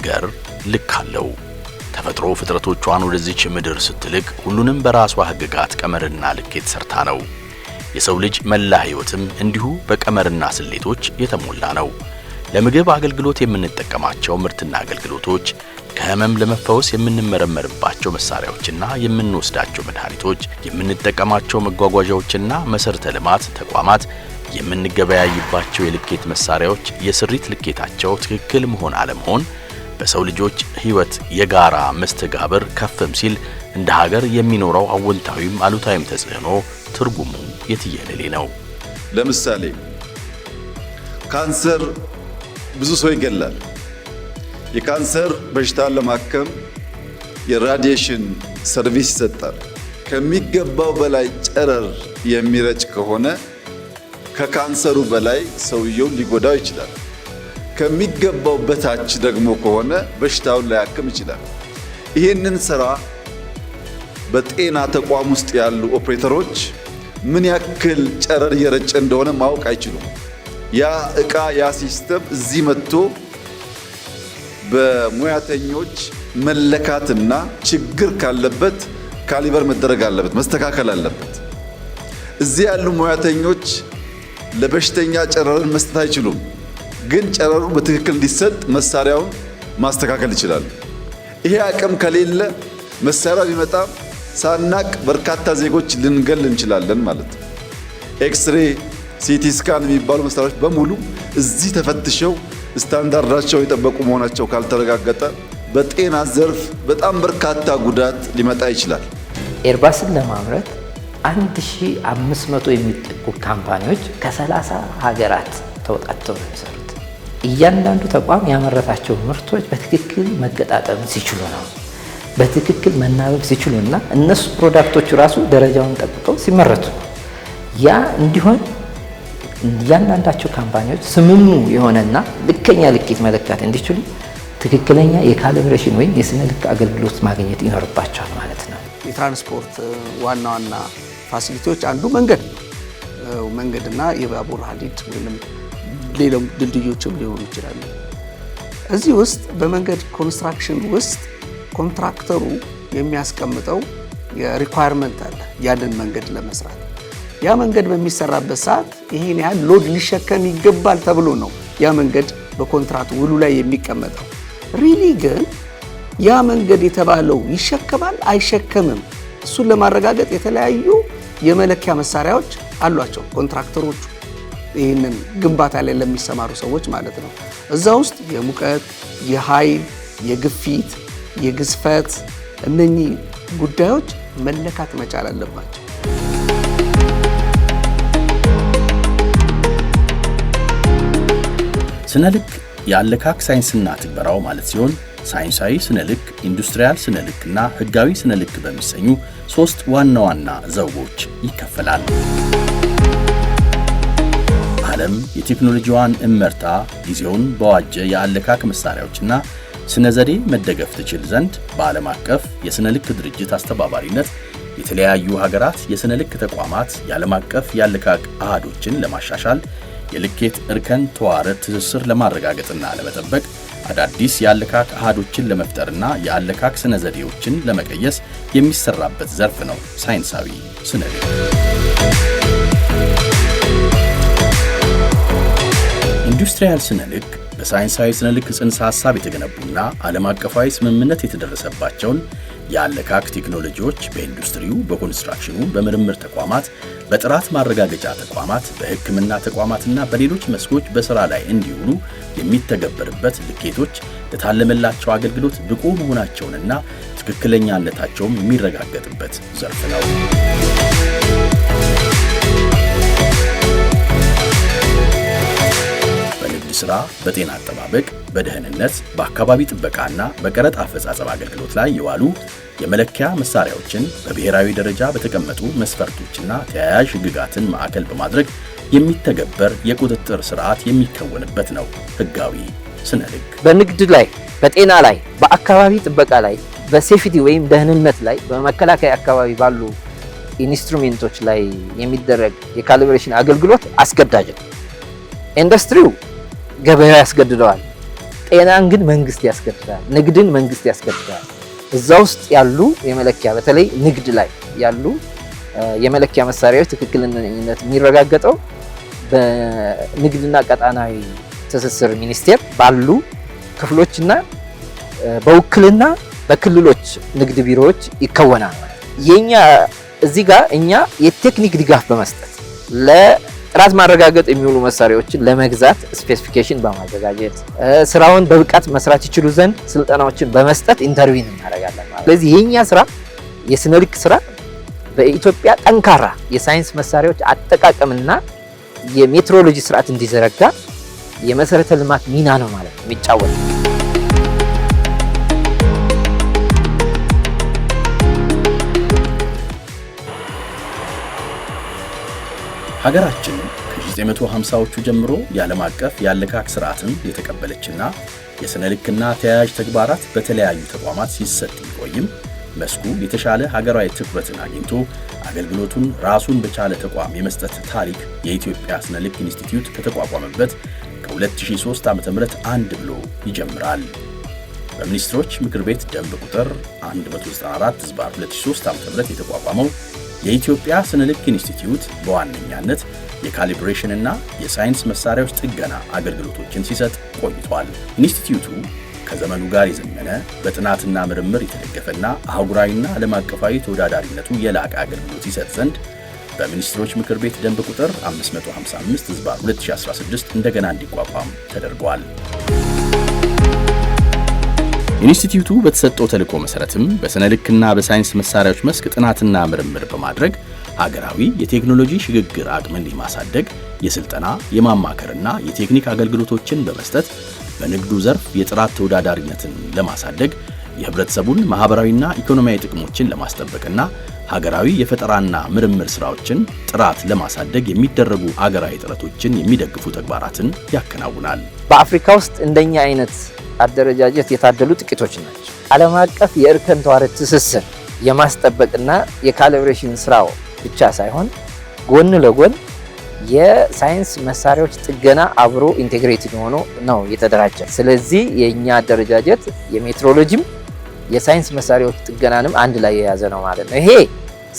ነገር ልክ አለው። ተፈጥሮ ፍጥረቶቿን ወደዚች ምድር ስትልክ ሁሉንም በራሷ ሕግጋት ቀመርና ልኬት ሰርታ ነው። የሰው ልጅ መላ ሕይወትም እንዲሁ በቀመርና ስሌቶች የተሞላ ነው። ለምግብ አገልግሎት የምንጠቀማቸው ምርትና አገልግሎቶች፣ ከህመም ለመፈወስ የምንመረመርባቸው መሳሪያዎችና የምንወስዳቸው መድኃኒቶች፣ የምንጠቀማቸው መጓጓዣዎችና መሠረተ ልማት ተቋማት፣ የምንገበያይባቸው የልኬት መሳሪያዎች የስሪት ልኬታቸው ትክክል መሆን አለመሆን በሰው ልጆች ህይወት የጋራ መስተጋብር ከፍም ሲል እንደ ሀገር የሚኖረው አወንታዊም አሉታዊም ተጽዕኖ ትርጉሙ የትየለሌ ነው። ለምሳሌ ካንሰር ብዙ ሰው ይገላል። የካንሰር በሽታን ለማከም የራዲየሽን ሰርቪስ ይሰጣል። ከሚገባው በላይ ጨረር የሚረጭ ከሆነ ከካንሰሩ በላይ ሰውየው ሊጎዳው ይችላል። ከሚገባው በታች ደግሞ ከሆነ በሽታውን ላያክም ይችላል። ይህንን ስራ በጤና ተቋም ውስጥ ያሉ ኦፕሬተሮች ምን ያክል ጨረር እየረጨ እንደሆነ ማወቅ አይችሉም። ያ እቃ ያ ሲስተም እዚህ መጥቶ በሙያተኞች መለካትና ችግር ካለበት ካሊበር መደረግ አለበት፣ መስተካከል አለበት። እዚህ ያሉ ሙያተኞች ለበሽተኛ ጨረርን መስጠት አይችሉም። ግን ጨረሩ በትክክል እንዲሰጥ መሳሪያውን ማስተካከል ይችላል። ይሄ አቅም ከሌለ መሳሪያ ቢመጣ ሳናቅ በርካታ ዜጎች ልንገል እንችላለን ማለት ነው። ኤክስሬ፣ ሲቲ ስካን የሚባሉ መሳሪያዎች በሙሉ እዚህ ተፈትሸው ስታንዳርዳቸው የጠበቁ መሆናቸው ካልተረጋገጠ በጤና ዘርፍ በጣም በርካታ ጉዳት ሊመጣ ይችላል። ኤርባስን ለማምረት 1500 የሚጠጉ ካምፓኒዎች ከ30 ሀገራት ተወጣጥተው ነው የሚሰሩ። እያንዳንዱ ተቋም ያመረታቸው ምርቶች በትክክል መገጣጠም ሲችሉ ነው፣ በትክክል መናበብ ሲችሉ እና እነሱ ፕሮዳክቶቹ ራሱ ደረጃውን ጠብቀው ሲመረቱ ነው። ያ እንዲሆን እያንዳንዳቸው ካምፓኒዎች ስምሙ የሆነና ልከኛ ልኬት መለካት እንዲችሉ ትክክለኛ የካሊብሬሽን ወይም የስነ ልክ አገልግሎት ማግኘት ይኖርባቸዋል ማለት ነው። የትራንስፖርት ዋና ዋና ፋሲሊቲዎች አንዱ መንገድ ነው። መንገድና የባቡር ሀዲድ ወይም ሌሎም ድልድዮችም ሊሆኑ ይችላሉ። እዚህ ውስጥ በመንገድ ኮንስትራክሽን ውስጥ ኮንትራክተሩ የሚያስቀምጠው የሪኳየርመንት አለ ያንን መንገድ ለመስራት ያ መንገድ በሚሰራበት ሰዓት ይህን ያህል ሎድ ሊሸከም ይገባል ተብሎ ነው ያ መንገድ በኮንትራት ውሉ ላይ የሚቀመጠው። ሪሊ ግን ያ መንገድ የተባለው ይሸከማል አይሸከምም፣ እሱን ለማረጋገጥ የተለያዩ የመለኪያ መሳሪያዎች አሏቸው ኮንትራክተሮቹ። ይህንን ግንባታ ላይ ለሚሰማሩ ሰዎች ማለት ነው። እዛ ውስጥ የሙቀት፣ የኃይል፣ የግፊት፣ የግዝፈት እነኚህ ጉዳዮች መለካት መቻል አለባቸው። ስነ ልክ የአለካክ ሳይንስና ትግበራው ማለት ሲሆን ሳይንሳዊ ስነ ልክ፣ ኢንዱስትሪያል ስነ ልክ እና ህጋዊ ስነ ልክ በሚሰኙ ሶስት ዋና ዋና ዘውቦች ይከፈላል። ዓለም የቴክኖሎጂዋን እመርታ ጊዜውን በዋጀ የአለካክ መሳሪያዎችና ስነ ዘዴ መደገፍ ትችል ዘንድ በዓለም አቀፍ የስነ ልክ ድርጅት አስተባባሪነት የተለያዩ ሀገራት የስነ ልክ ተቋማት የዓለም አቀፍ የአለካክ አህዶችን ለማሻሻል የልኬት እርከን ተዋረድ ትስስር ለማረጋገጥና ለመጠበቅ አዳዲስ የአለካክ አህዶችን ለመፍጠርና የአለካክ ስነ ዘዴዎችን ለመቀየስ የሚሰራበት ዘርፍ ነው ሳይንሳዊ ስነ ኢንዱስትሪያል ስነ ልክ በሳይንሳዊ ስነ ልክ ጽንሰ ሐሳብ የተገነቡና ዓለም አቀፋዊ ስምምነት የተደረሰባቸውን የአለካክ ቴክኖሎጂዎች በኢንዱስትሪው፣ በኮንስትራክሽኑ፣ በምርምር ተቋማት፣ በጥራት ማረጋገጫ ተቋማት፣ በሕክምና ተቋማትና በሌሎች መስኮች በሥራ ላይ እንዲውሉ የሚተገበርበት ልኬቶች ለታለመላቸው አገልግሎት ብቁ መሆናቸውንና ትክክለኛነታቸውም የሚረጋገጥበት ዘርፍ ነው። ስራ በጤና አጠባበቅ፣ በደህንነት፣ በአካባቢ ጥበቃና በቀረጥ አፈጻጸም አገልግሎት ላይ የዋሉ የመለኪያ መሳሪያዎችን በብሔራዊ ደረጃ በተቀመጡ መስፈርቶችና ተያያዥ ሕግጋትን ማዕከል በማድረግ የሚተገበር የቁጥጥር ስርዓት የሚከወንበት ነው። ህጋዊ ስነ ህግ በንግድ ላይ፣ በጤና ላይ፣ በአካባቢ ጥበቃ ላይ፣ በሴፍቲ ወይም ደህንነት ላይ፣ በመከላከያ አካባቢ ባሉ ኢንስትሩሜንቶች ላይ የሚደረግ የካሊብሬሽን አገልግሎት አስገዳጅ ነው። ኢንዱስትሪው ገበያ ያስገድደዋል። ጤናን ግን መንግስት ያስገድዳል። ንግድን መንግስት ያስገድዳል። እዛ ውስጥ ያሉ የመለኪያ በተለይ ንግድ ላይ ያሉ የመለኪያ መሳሪያዎች ትክክልነት የሚረጋገጠው በንግድና ቀጣናዊ ትስስር ሚኒስቴር ባሉ ክፍሎችና በውክልና በክልሎች ንግድ ቢሮዎች ይከወናል። የኛ እዚህ ጋር እኛ የቴክኒክ ድጋፍ በመስጠት ጥራት ማረጋገጥ የሚውሉ መሳሪያዎችን ለመግዛት ስፔሲፊኬሽን በማዘጋጀት ስራውን በብቃት መስራት ይችሉ ዘንድ ስልጠናዎችን በመስጠት ኢንተርቪን እናደርጋለን። ስለዚህ የኛ ስራ የስነ ልክ ስራ በኢትዮጵያ ጠንካራ የሳይንስ መሳሪያዎች አጠቃቀምና የሜትሮሎጂ ስርዓት እንዲዘረጋ የመሰረተ ልማት ሚና ነው ማለት ነው የሚጫወተው። ሀገራችን ከ1950ዎቹ ጀምሮ የዓለም አቀፍ የአለቃቅ ስርዓትን የተቀበለችና የሥነ ልክና ተያያዥ ተግባራት በተለያዩ ተቋማት ሲሰጥ ቢቆይም መስኩ የተሻለ ሀገራዊ ትኩረትን አግኝቶ አገልግሎቱን ራሱን በቻለ ተቋም የመስጠት ታሪክ የኢትዮጵያ ስነ ልክ ኢንስቲትዩት ከተቋቋመበት ከ2003 ዓ ም አንድ ብሎ ይጀምራል። በሚኒስትሮች ምክር ቤት ደንብ ቁጥር 194 ዝባር 2003 ዓ ም የተቋቋመው የኢትዮጵያ ስነ ልክ ኢንስቲትዩት በዋነኛነት የካሊብሬሽን እና የሳይንስ መሳሪያዎች ጥገና አገልግሎቶችን ሲሰጥ ቆይቷል። ኢንስቲትዩቱ ከዘመኑ ጋር የዘመነ በጥናትና ምርምር የተደገፈና አህጉራዊና ዓለም አቀፋዊ ተወዳዳሪነቱ የላቀ አገልግሎት ይሰጥ ዘንድ በሚኒስትሮች ምክር ቤት ደንብ ቁጥር 555 ዝባ 2016 እንደገና እንዲቋቋም ተደርጓል። ኢንስቲትዩቱ በተሰጠው ተልዕኮ መሰረትም በስነ ልክና በሳይንስ መሳሪያዎች መስክ ጥናትና ምርምር በማድረግ ሀገራዊ የቴክኖሎጂ ሽግግር አቅምን ለማሳደግ የስልጠና የማማከርና የቴክኒክ አገልግሎቶችን በመስጠት በንግዱ ዘርፍ የጥራት ተወዳዳሪነትን ለማሳደግ የህብረተሰቡን ማህበራዊና ኢኮኖሚያዊ ጥቅሞችን ለማስጠበቅና ሀገራዊ የፈጠራና ምርምር ስራዎችን ጥራት ለማሳደግ የሚደረጉ አገራዊ ጥረቶችን የሚደግፉ ተግባራትን ያከናውናል። በአፍሪካ ውስጥ እንደኛ አይነት አደረጃጀት የታደሉ ጥቂቶች ናቸው። ዓለም አቀፍ የእርከን ተዋረድ ትስስር የማስጠበቅና የካሊብሬሽን ስራው ብቻ ሳይሆን ጎን ለጎን የሳይንስ መሳሪያዎች ጥገና አብሮ ኢንቴግሬትድ ሆኖ ነው የተደራጀ። ስለዚህ የእኛ አደረጃጀት የሜትሮሎጂም የሳይንስ መሳሪያዎች ጥገናንም አንድ ላይ የያዘ ነው ማለት ነው። ይሄ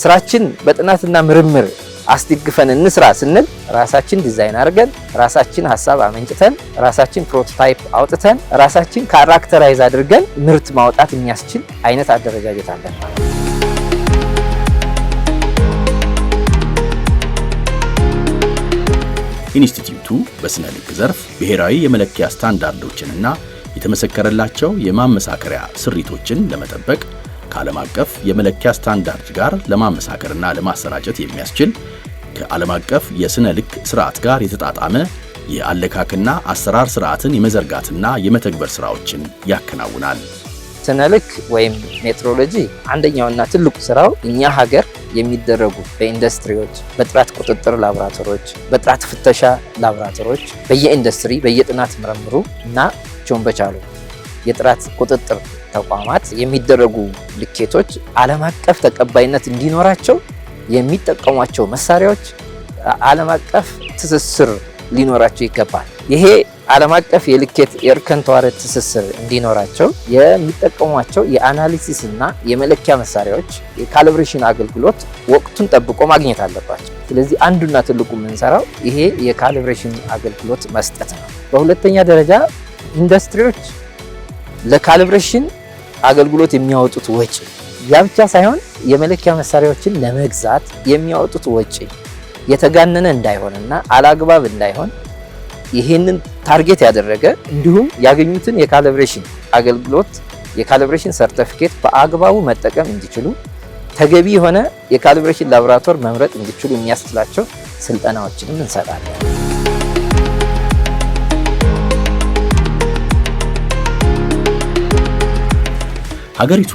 ስራችን በጥናትና ምርምር አስደግፈን እንስራ ስንል ራሳችን ዲዛይን አድርገን ራሳችን ሀሳብ አመንጭተን ራሳችን ፕሮቶታይፕ አውጥተን ራሳችን ካራክተራይዝ አድርገን ምርት ማውጣት የሚያስችል አይነት አደረጃጀት አለን ኢንስቲትዩቱ በስነ ልክ ዘርፍ ብሔራዊ የመለኪያ ስታንዳርዶችንና የተመሰከረላቸው የማመሳከሪያ ስሪቶችን ለመጠበቅ ከዓለም አቀፍ የመለኪያ ስታንዳርድ ጋር ለማመሳከርና ለማሰራጨት የሚያስችል ከዓለም አቀፍ የሥነ ልክ ስርዓት ጋር የተጣጣመ የአለካክና አሰራር ስርዓትን የመዘርጋትና የመተግበር ስራዎችን ያከናውናል። ስነ ልክ ወይም ሜትሮሎጂ አንደኛውና ትልቁ ስራው እኛ ሀገር የሚደረጉ በኢንዱስትሪዎች በጥራት ቁጥጥር ላቦራቶሪዎች፣ በጥራት ፍተሻ ላቦራቶሪዎች፣ በየኢንዱስትሪ በየጥናት ምርምሩ እና ራሳቸውን በቻሉ የጥራት ቁጥጥር ተቋማት የሚደረጉ ልኬቶች ዓለም አቀፍ ተቀባይነት እንዲኖራቸው የሚጠቀሟቸው መሳሪያዎች ዓለም አቀፍ ትስስር ሊኖራቸው ይገባል። ይሄ ዓለም አቀፍ የልኬት የእርከን ተዋረድ ትስስር እንዲኖራቸው የሚጠቀሟቸው የአናሊሲስ እና የመለኪያ መሳሪያዎች የካሊብሬሽን አገልግሎት ወቅቱን ጠብቆ ማግኘት አለባቸው። ስለዚህ አንዱና ትልቁ የምንሰራው ይሄ የካሊብሬሽን አገልግሎት መስጠት ነው። በሁለተኛ ደረጃ ኢንዱስትሪዎች ለካሊብሬሽን አገልግሎት የሚያወጡት ወጪ ያ ብቻ ሳይሆን የመለኪያ መሳሪያዎችን ለመግዛት የሚያወጡት ወጪ የተጋነነ እንዳይሆንና አላግባብ እንዳይሆን ይህንን ታርጌት ያደረገ እንዲሁም ያገኙትን የካሊብሬሽን አገልግሎት የካሊብሬሽን ሰርተፊኬት በአግባቡ መጠቀም እንዲችሉ ተገቢ የሆነ የካሊብሬሽን ላቦራቶር መምረጥ እንዲችሉ የሚያስችላቸው ስልጠናዎችንም እንሰጣለን። ሀገሪቱ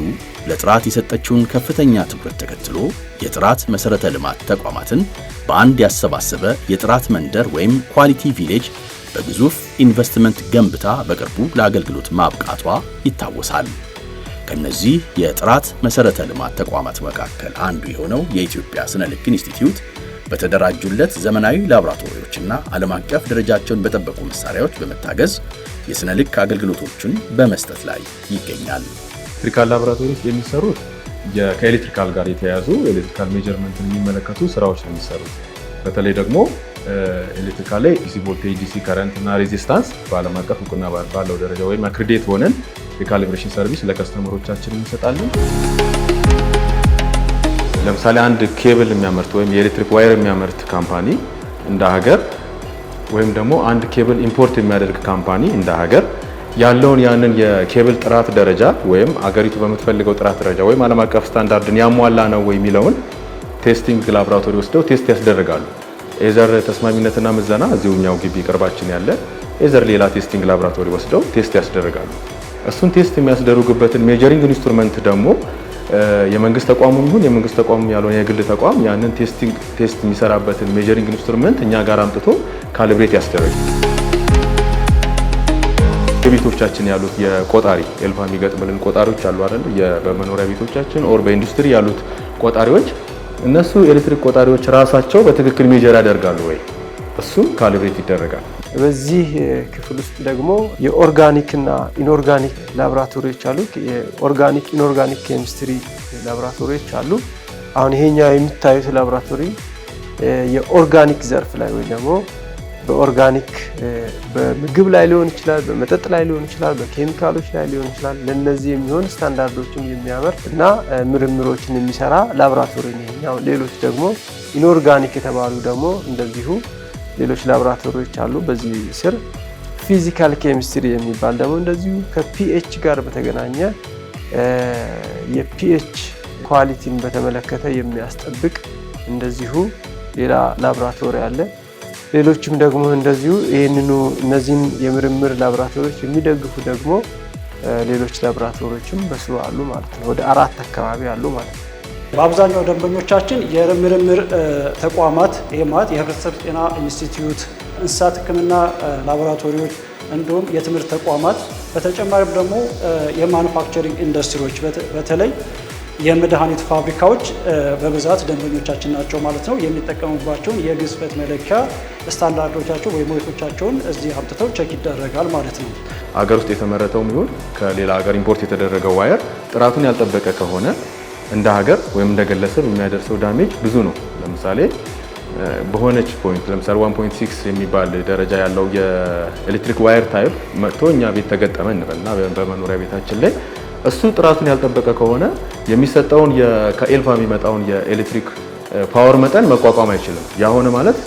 ለጥራት የሰጠችውን ከፍተኛ ትኩረት ተከትሎ የጥራት መሠረተ ልማት ተቋማትን በአንድ ያሰባሰበ የጥራት መንደር ወይም ኳሊቲ ቪሌጅ በግዙፍ ኢንቨስትመንት ገንብታ በቅርቡ ለአገልግሎት ማብቃቷ ይታወሳል። ከነዚህ የጥራት መሠረተ ልማት ተቋማት መካከል አንዱ የሆነው የኢትዮጵያ ስነ ልክ ኢንስቲትዩት በተደራጁለት ዘመናዊ ላቦራቶሪዎችና ዓለም አቀፍ ደረጃቸውን በጠበቁ መሳሪያዎች በመታገዝ የስነ ልክ አገልግሎቶችን በመስጠት ላይ ይገኛል። ኤሌክትሪካል ላቦራቶሪ ውስጥ የሚሰሩት ከኤሌክትሪካል ጋር የተያያዙ ኤሌክትሪካል ሜጀርመንትን የሚመለከቱ ስራዎች ነው የሚሰሩት። በተለይ ደግሞ ኤሌክትሪካል ላይ ዲሲ ቮልቴጅ፣ ዲሲ ከረንት እና ሬዚስታንስ በዓለም አቀፍ እውቅና ባለው ደረጃ ወይም አክሪዴት ሆነን የካሊብሬሽን ሰርቪስ ለከስተመሮቻችን እንሰጣለን። ለምሳሌ አንድ ኬብል የሚያመርት ወይም የኤሌክትሪክ ዋይር የሚያመርት ካምፓኒ እንደ ሀገር ወይም ደግሞ አንድ ኬብል ኢምፖርት የሚያደርግ ካምፓኒ እንደ ሀገር ያለውን ያንን የኬብል ጥራት ደረጃ ወይም አገሪቱ በምትፈልገው ጥራት ደረጃ ወይም ዓለም አቀፍ ስታንዳርድን ያሟላ ነው ወይ የሚለውን ቴስቲንግ ላብራቶሪ ወስደው ቴስት ያስደርጋሉ። ኤዘር ተስማሚነትና ምዘና እዚሁኛው ግቢ ቅርባችን ያለ ኤዘር ሌላ ቴስቲንግ ላብራቶሪ ወስደው ቴስት ያስደርጋሉ። እሱን ቴስት የሚያስደርጉበትን ሜጀሪንግ ኢንስትሩመንት ደግሞ የመንግስት ተቋሙ ይሁን የመንግስት ተቋሙ ያልሆነ የግል ተቋም ያንን ቴስት የሚሰራበትን ሜጀሪንግ ኢንስትሩመንት እኛ ጋር አምጥቶ ካልብሬት ያስደርጋል። ቤቶቻችን ያሉት የቆጣሪ ኤልፓ የሚገጥምልን ቆጣሪዎች አሉ አይደል? በመኖሪያ ቤቶቻችን ኦር በኢንዱስትሪ ያሉት ቆጣሪዎች እነሱ ኤሌክትሪክ ቆጣሪዎች ራሳቸው በትክክል ሜጀር ያደርጋሉ ወይ? እሱም ካሊብሬት ይደረጋል። በዚህ ክፍል ውስጥ ደግሞ የኦርጋኒክ እና ኢንኦርጋኒክ ላብራቶሪዎች አሉ። የኦርጋኒክ ኢንኦርጋኒክ ኬሚስትሪ ላብራቶሪዎች አሉ። አሁን ይሄኛው የሚታዩት ላብራቶሪ የኦርጋኒክ ዘርፍ ላይ ወይ ደግሞ በኦርጋኒክ በምግብ ላይ ሊሆን ይችላል፣ በመጠጥ ላይ ሊሆን ይችላል፣ በኬሚካሎች ላይ ሊሆን ይችላል። ለነዚህ የሚሆን ስታንዳርዶችን የሚያመርት እና ምርምሮችን የሚሰራ ላብራቶሪ ነው። ሌሎች ደግሞ ኢንኦርጋኒክ የተባሉ ደግሞ እንደዚሁ ሌሎች ላብራቶሪዎች አሉ በዚህ ስር ፊዚካል ኬሚስትሪ የሚባል ደግሞ እንደዚሁ ከፒኤች ጋር በተገናኘ የፒኤች ኳሊቲን በተመለከተ የሚያስጠብቅ እንደዚሁ ሌላ ላብራቶሪ አለ። ሌሎችም ደግሞ እንደዚሁ ይህንኑ እነዚህን የምርምር ላብራቶሪዎች የሚደግፉ ደግሞ ሌሎች ላብራቶሪዎችም በስሩ አሉ ማለት ነው። ወደ አራት አካባቢ አሉ ማለት ነው። በአብዛኛው ደንበኞቻችን የምርምር ተቋማት ማለት የህብረተሰብ ጤና ኢንስቲትዩት፣ እንስሳት ህክምና ላቦራቶሪዎች እንዲሁም የትምህርት ተቋማት በተጨማሪም ደግሞ የማኑፋክቸሪንግ ኢንዱስትሪዎች በተለይ የመድኃኒት ፋብሪካዎች በብዛት ደንበኞቻችን ናቸው ማለት ነው። የሚጠቀሙባቸውን የግዝፈት መለኪያ ስታንዳርዶቻቸው ወይም ዌቶቻቸውን እዚህ አምጥተው ቸክ ይደረጋል ማለት ነው። አገር ውስጥ የተመረተው ይሁን ከሌላ ሀገር ኢምፖርት የተደረገው ዋየር ጥራቱን ያልጠበቀ ከሆነ እንደ ሀገር ወይም እንደ ግለሰብ የሚያደርሰው ዳሜጅ ብዙ ነው። ለምሳሌ በሆነች ፖይንት ለምሳሌ 1.6 የሚባል ደረጃ ያለው የኤሌክትሪክ ዋየር ታይፕ መጥቶ እኛ ቤት ተገጠመ እንበልና በመኖሪያ ቤታችን ላይ እሱ ጥራቱን ያልጠበቀ ከሆነ የሚሰጠውን ከኤልፋ የሚመጣውን የኤሌክትሪክ ፓወር መጠን መቋቋም አይችልም። ያ ሆነ ማለት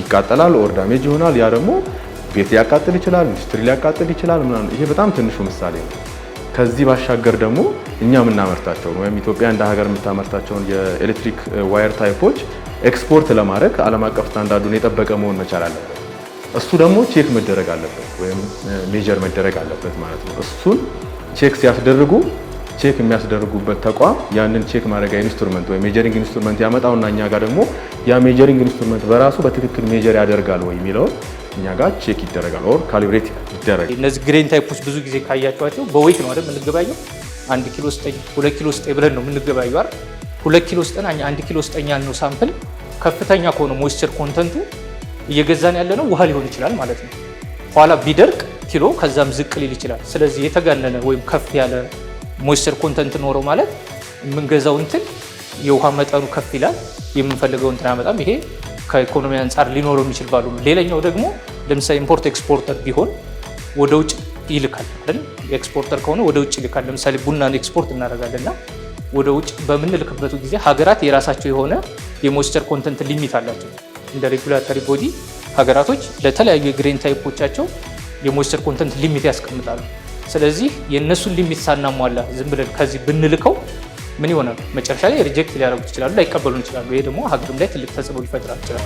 ይቃጠላል፣ ኦር ዳሜጅ ይሆናል። ያ ደግሞ ቤት ሊያቃጥል ይችላል፣ ኢንዱስትሪ ሊያቃጥል ይችላል ምናምን። ይሄ በጣም ትንሹ ምሳሌ ነው። ከዚህ ባሻገር ደግሞ እኛ የምናመርታቸውን ወይም ኢትዮጵያ እንደ ሀገር የምታመርታቸውን የኤሌክትሪክ ዋየር ታይፖች ኤክስፖርት ለማድረግ ዓለም አቀፍ ስታንዳርዱን የጠበቀ መሆን መቻል አለበት። እሱ ደግሞ ቼክ መደረግ አለበት ወይም ሜጀር መደረግ አለበት ማለት ነው እሱን ቼክ ሲያስደርጉ ቼክ የሚያስደርጉበት ተቋም ያንን ቼክ ማድረጊያ ኢንስትሩመንት ወይ ሜጀሪንግ ኢንስትሩመንት ያመጣውና እኛ ጋር ደግሞ ያ ሜጀሪንግ ኢንስትሩመንት በራሱ በትክክል ሜጀር ያደርጋል ወይ የሚለውን እኛ ጋር ቼክ ይደረጋል ኦር ካሊብሬት ይደረጋል። እነዚህ ግሬን ታይፖች ብዙ ጊዜ ካያቸዋቸው በዌት ነው አይደል የምንገባየው። አንድ ኪሎ ስጠኝ፣ ሁለት ኪሎ ስጠኝ ብለን ነው የምንገባየው አይደል። ሁለት ኪሎ ስጠን፣ አንድ ኪሎ ስጠኝ ያልነው ሳምፕል ከፍተኛ ከሆነ ሞይስቸር ኮንተንቱ እየገዛን ያለ ነው ውሃ ሊሆን ይችላል ማለት ነው። ኋላ ቢደርቅ ኪሎ ከዛም ዝቅ ሊል ይችላል። ስለዚህ የተጋነነ ወይም ከፍ ያለ ሞይስቸር ኮንተንት ኖረው ማለት የምንገዛው እንትን የውሃ መጠኑ ከፍ ይላል፣ የምንፈልገው እንትን አመጣም። ይሄ ከኢኮኖሚ አንጻር ሊኖረው የሚችል ባሉ ነው። ሌላኛው ደግሞ ለምሳሌ ኢምፖርት ኤክስፖርተር ቢሆን ወደ ውጭ ይልካል አይደል? ኤክስፖርተር ከሆነ ወደ ውጭ ይልካል። ለምሳሌ ቡናን ኤክስፖርት እናደርጋለንና ወደ ውጭ በምንልክበት ጊዜ ሀገራት የራሳቸው የሆነ የሞይስቸር ኮንተንት ሊሚት አላቸው። እንደ ሬጉላተሪ ቦዲ ሀገራቶች ለተለያዩ የግሬን ታይፖቻቸው የሞይስቸር ኮንተንት ሊሚት ያስቀምጣሉ። ስለዚህ የእነሱን ሊሚት ሳናሟላ ዝም ብለን ከዚህ ብንልከው ምን ይሆናል? መጨረሻ ላይ ሪጀክት ሊያደርጉ ይችላሉ፣ ላይቀበሉን ይችላሉ። ይሄ ደግሞ ሀገርም ላይ ትልቅ ተጽዕኖ ሊፈጥራል ይችላል።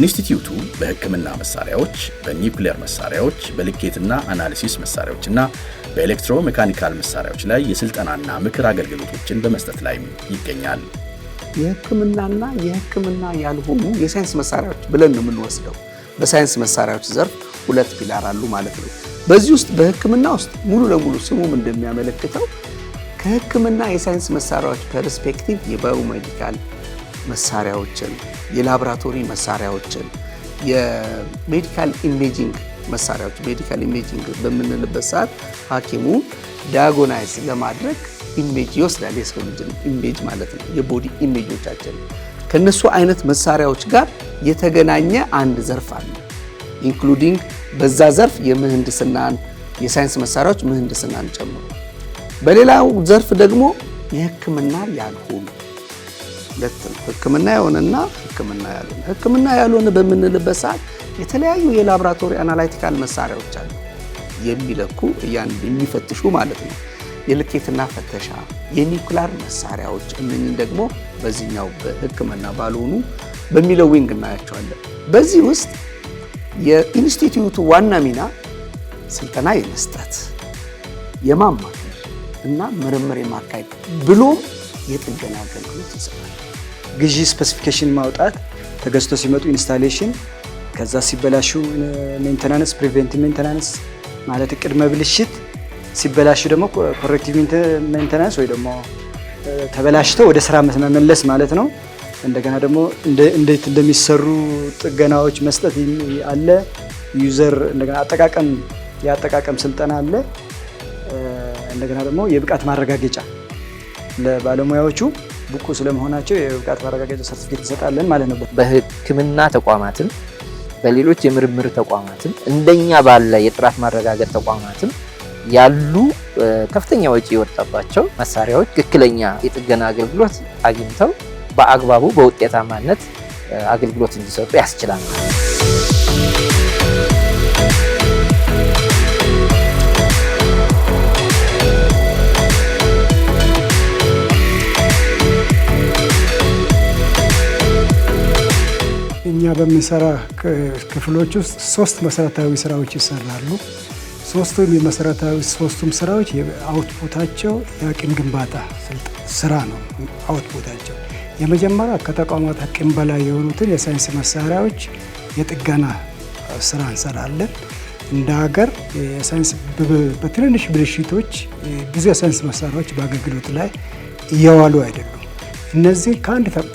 ኢንስቲትዩቱ በሕክምና መሳሪያዎች፣ በኒውክሌር መሳሪያዎች፣ በልኬትና አናሊሲስ መሳሪያዎችና ሜካኒካል መሳሪያዎች ላይ የስልጠናና ምክር አገልግሎቶችን በመስጠት ላይም ይገኛል። የህክምናና የህክምና ያልሆኑ የሳይንስ መሳሪያዎች ብለን ነው የምንወስደው። በሳይንስ መሳሪያዎች ዘርፍ ሁለት ፒላር አሉ ማለት ነው። በዚህ ውስጥ በህክምና ውስጥ ሙሉ ለሙሉ ስሙም እንደሚያመለክተው ከህክምና የሳይንስ መሳሪያዎች ፐርስፔክቲቭ የባዮሜዲካል መሳሪያዎችን፣ የላቦራቶሪ መሳሪያዎችን፣ የሜዲካል ኢሜጂንግ መሳሪያዎች ሜዲካል ኢሜጂንግ በምንልበት ሰዓት ሐኪሙ ዳያጎናይዝ ለማድረግ ኢሜጅ ይወስዳል። የሰው ልጅን ኢሜጅ ማለት ነው። የቦዲ ኢሜጆቻችን ከነሱ አይነት መሳሪያዎች ጋር የተገናኘ አንድ ዘርፍ አለ። ኢንክሉዲንግ በዛ ዘርፍ የምህንድስናን የሳይንስ መሳሪያዎች ምህንድስናን ጨምሮ፣ በሌላው ዘርፍ ደግሞ የህክምና ያልሆኑ ሁለት ነው። ህክምና የሆነና ህክምና ያልሆነ። ህክምና ያልሆነ በምንልበት ሰዓት የተለያዩ የላብራቶሪ አናላይቲካል መሳሪያዎች አሉ የሚለኩ እያን የሚፈትሹ ማለት ነው። የልኬትና ፍተሻ፣ የኒኩላር መሳሪያዎች እነኝን ደግሞ በዚህኛው በህክምና ባልሆኑ በሚለው ዊንግ እናያቸዋለን። በዚህ ውስጥ የኢንስቲትዩቱ ዋና ሚና ስልጠና የመስጠት የማማከር እና ምርምር የማካሄድ ብሎም የጥገና አገልግሎት ይሰጣል። ግዢ ስፔሲፊኬሽን ማውጣት፣ ተገዝቶ ሲመጡ ኢንስታሌሽን፣ ከዛ ሲበላሹ ሜንተናንስ፣ ፕሪቨንቲቭ ሜንተናንስ ማለት ቅድመ ብልሽት ሲበላሽ ደግሞ ኮሬክቲቭ ሜንተናንስ ወይ ደግሞ ተበላሽተው ወደ ስራ መመለስ ማለት ነው። እንደገና ደግሞ እንዴት እንደሚሰሩ ጥገናዎች መስጠት አለ። ዩዘር እንደገና አጠቃቀም የአጠቃቀም ስልጠና አለ። እንደገና ደግሞ የብቃት ማረጋገጫ ለባለሙያዎቹ ብቁ ስለመሆናቸው የብቃት ማረጋገጫ ሰርቲፊኬት እንሰጣለን ማለት ነው። በሕክምና ተቋማትም በሌሎች የምርምር ተቋማትም እንደኛ ባለ የጥራት ማረጋገጥ ተቋማትም ያሉ ከፍተኛ ወጪ የወጣባቸው መሳሪያዎች ትክክለኛ የጥገና አገልግሎት አግኝተው በአግባቡ በውጤታማነት አገልግሎት እንዲሰጡ ያስችላል። እኛ በምንሰራ ክፍሎች ውስጥ ሶስት መሰረታዊ ስራዎች ይሰራሉ። ሶስቱም የመሰረታዊ ሶስቱም ስራዎች አውትፑታቸው የአቅም ግንባታ ስራ ነው። አውትፑታቸው የመጀመሪያ ከተቋማት አቅም በላይ የሆኑትን የሳይንስ መሳሪያዎች የጥገና ስራ እንሰራለን። እንደ ሀገር የሳይንስ በትንንሽ ብልሽቶች ብዙ የሳይንስ መሳሪያዎች በአገልግሎት ላይ እየዋሉ አይደሉም። እነዚህ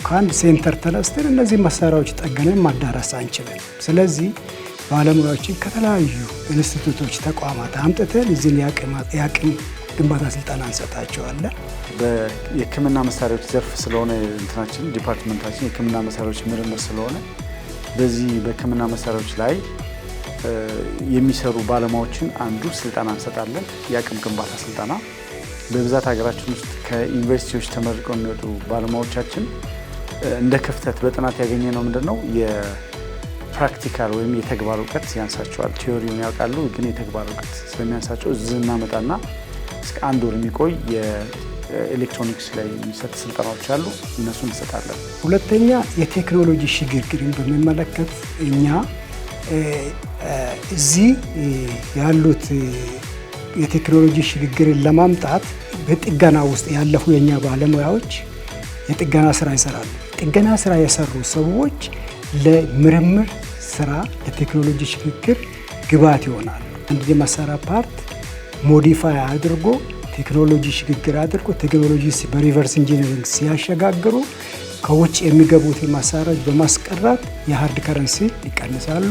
ከአንድ ሴንተር ተነስተን እነዚህ መሳሪያዎች ጠገነን ማዳረስ አንችልም። ስለዚህ ባለሙያዎችን ከተለያዩ ኢንስቲትዩቶች፣ ተቋማት አምጥተን እዚህን የአቅም ግንባታ ስልጠና እንሰጣቸዋለን። የህክምና መሳሪያዎች ዘርፍ ስለሆነ እንትናችን ዲፓርትመንታችን የህክምና መሳሪያዎች ምርምር ስለሆነ በዚህ በህክምና መሳሪያዎች ላይ የሚሰሩ ባለሙያዎችን አንዱ ስልጠና እንሰጣለን። የአቅም ግንባታ ስልጠና በብዛት ሀገራችን ውስጥ ከዩኒቨርሲቲዎች ተመርቀው የሚወጡ ባለሙያዎቻችን እንደ ክፍተት በጥናት ያገኘ ነው ምንድን ነው ፕራክቲካል ወይም የተግባር እውቀት ያንሳቸዋል። ቲዮሪውን ያውቃሉ፣ ግን የተግባር እውቀት ስለሚያንሳቸው እዚህ እናመጣና እስከ አንድ ወር የሚቆይ ኤሌክትሮኒክስ ላይ የሚሰጥ ስልጠናዎች አሉ። እነሱ እንሰጣለን። ሁለተኛ የቴክኖሎጂ ሽግግርን በሚመለከት እኛ እዚህ ያሉት የቴክኖሎጂ ሽግግርን ለማምጣት በጥገና ውስጥ ያለፉ የእኛ ባለሙያዎች የጥገና ስራ ይሰራሉ። ጥገና ስራ የሰሩ ሰዎች ለምርምር ስራ ለቴክኖሎጂ ሽግግር ግብዓት ይሆናል። አንድ የመሳሪያ ፓርት ሞዲፋይ አድርጎ ቴክኖሎጂ ሽግግር አድርጎ ቴክኖሎጂ በሪቨርስ ኢንጂነሪንግ ሲያሸጋግሩ ከውጭ የሚገቡት መሳሪያዎች በማስቀራት የሀርድ ከረንሲ ይቀንሳሉ፣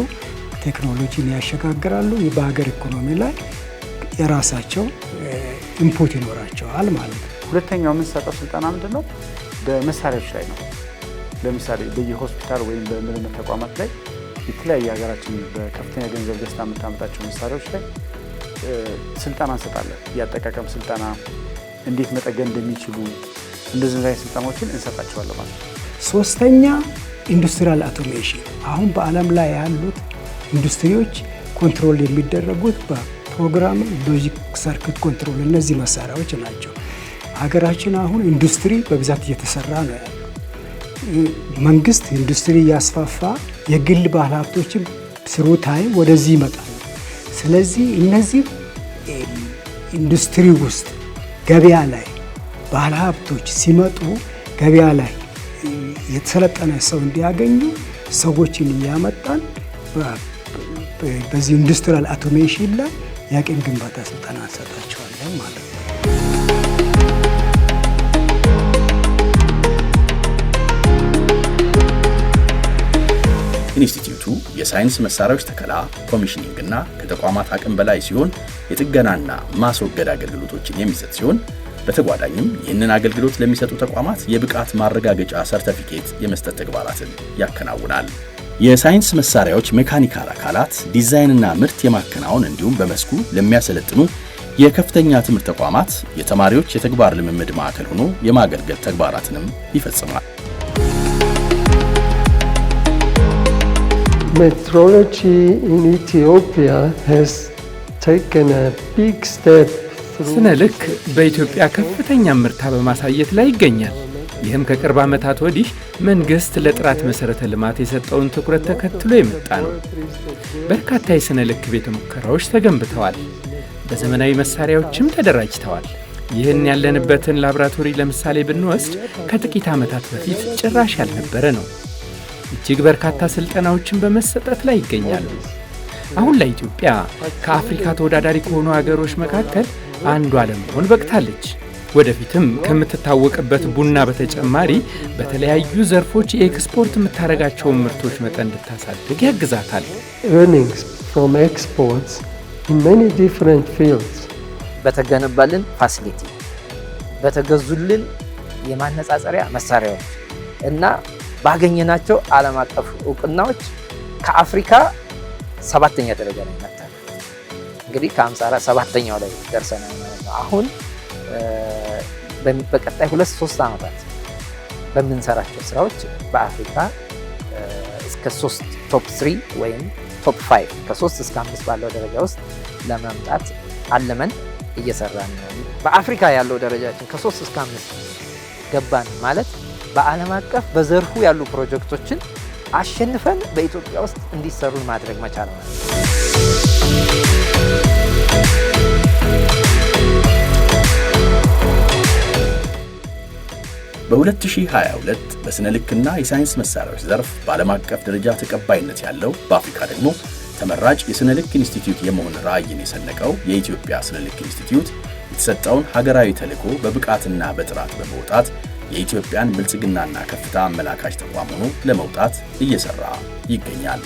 ቴክኖሎጂን ያሸጋግራሉ። በሀገር ኢኮኖሚ ላይ የራሳቸው ኢንፑት ይኖራቸዋል ማለት ነው። ሁለተኛው የምንሰጠው ስልጠና ምንድን ነው? በመሳሪያዎች ላይ ነው። ለምሳሌ በየሆስፒታል ወይም በምርምር ተቋማት ላይ የተለያየ ሀገራችን በከፍተኛ ገንዘብ ገዝታ የምታመጣቸው መሳሪያዎች ላይ ስልጠና እንሰጣለን። የአጠቃቀም ስልጠና፣ እንዴት መጠገን እንደሚችሉ እንደዚህ አይነት ስልጠናዎችን እንሰጣቸዋለን ማለት ነው። ሶስተኛ ኢንዱስትሪያል አውቶሜሽን። አሁን በዓለም ላይ ያሉት ኢንዱስትሪዎች ኮንትሮል የሚደረጉት በፕሮግራም ሎጂክ ሰርክት ኮንትሮል፣ እነዚህ መሳሪያዎች ናቸው። ሀገራችን አሁን ኢንዱስትሪ በብዛት እየተሰራ ነው ያለ መንግስት ኢንዱስትሪ እያስፋፋ የግል ባለሀብቶችን ስሩ ታይም ወደዚህ ይመጣል። ስለዚህ እነዚህ ኢንዱስትሪ ውስጥ ገበያ ላይ ባለሀብቶች ሲመጡ ገበያ ላይ የተሰለጠነ ሰው እንዲያገኙ ሰዎችን እያመጣን በዚህ ኢንዱስትሪያል አውቶሜሽን ላይ የአቅም ግንባታ ስልጠና እንሰጣቸዋለን ማለት ነው። ኢንስቲትዩቱ የሳይንስ መሳሪያዎች ተከላ፣ እና ከተቋማት አቅም በላይ ሲሆን የጥገናና ማስወገድ አገልግሎቶችን የሚሰጥ ሲሆን በተጓዳኝም ይህንን አገልግሎት ለሚሰጡ ተቋማት የብቃት ማረጋገጫ ሰርተፊኬት የመስጠት ተግባራትን ያከናውናል። የሳይንስ መሳሪያዎች ሜካኒካል አካላት ዲዛይንና ምርት የማከናወን እንዲሁም በመስኩ ለሚያሰለጥኑ የከፍተኛ ትምህርት ተቋማት የተማሪዎች የተግባር ልምምድ ማዕከል ሆኖ የማገልገል ተግባራትንም ይፈጽማል። ስነ ልክ በኢትዮጵያ ከፍተኛ ምርታ በማሳየት ላይ ይገኛል። ይህም ከቅርብ ዓመታት ወዲህ መንግሥት ለጥራት መሠረተ ልማት የሰጠውን ትኩረት ተከትሎ የመጣ ነው። በርካታ የሥነ ልክ ቤተ ሙከራዎች ተገንብተዋል፣ በዘመናዊ መሣሪያዎችም ተደራጅተዋል። ይህን ያለንበትን ላብራቶሪ ለምሳሌ ብንወስድ ከጥቂት ዓመታት በፊት ጭራሽ ያልነበረ ነው። እጅግ በርካታ ስልጠናዎችን በመሰጠት ላይ ይገኛሉ። አሁን ላይ ኢትዮጵያ ከአፍሪካ ተወዳዳሪ ከሆኑ ሀገሮች መካከል አንዷ ለመሆን በቅታለች። ወደፊትም ከምትታወቅበት ቡና በተጨማሪ በተለያዩ ዘርፎች የኤክስፖርት የምታደርጋቸውን ምርቶች መጠን እንድታሳድግ ያግዛታል። በተገነባልን ፋሲሊቲ፣ በተገዙልን የማነጻጸሪያ መሳሪያዎች እና ባገኘናቸው ዓለም አቀፍ እውቅናዎች ከአፍሪካ ሰባተኛ ደረጃ ላይ መጥተናል። እንግዲህ ከ ሰባተኛው ላይ ደርሰናል ማለት ነው። አሁን በቀጣይ ሁለት ሶስት ዓመታት በምንሰራቸው ስራዎች በአፍሪካ እስከ ሶስት ቶፕ ስሪ ወይም ቶፕ ፋይቭ ከሶስት እስከ አምስት ባለው ደረጃ ውስጥ ለመምጣት አለመን እየሰራን ነው። በአፍሪካ ያለው ደረጃችን ከሶስት እስከ አምስት ገባን ማለት በዓለም አቀፍ በዘርፉ ያሉ ፕሮጀክቶችን አሸንፈን በኢትዮጵያ ውስጥ እንዲሰሩን ማድረግ መቻል ነው። በ2022 በሥነ ልክና የሳይንስ መሣሪያዎች ዘርፍ በዓለም አቀፍ ደረጃ ተቀባይነት ያለው በአፍሪካ ደግሞ ተመራጭ የሥነ ልክ ኢንስቲትዩት የመሆን ራዕይን የሰነቀው የኢትዮጵያ ስነ ልክ ኢንስቲትዩት የተሰጠውን ሀገራዊ ተልዕኮ በብቃትና በጥራት በመውጣት የኢትዮጵያን ብልጽግናና ከፍታ አመላካች ተቋም ሆኖ ለመውጣት እየሰራ ይገኛል።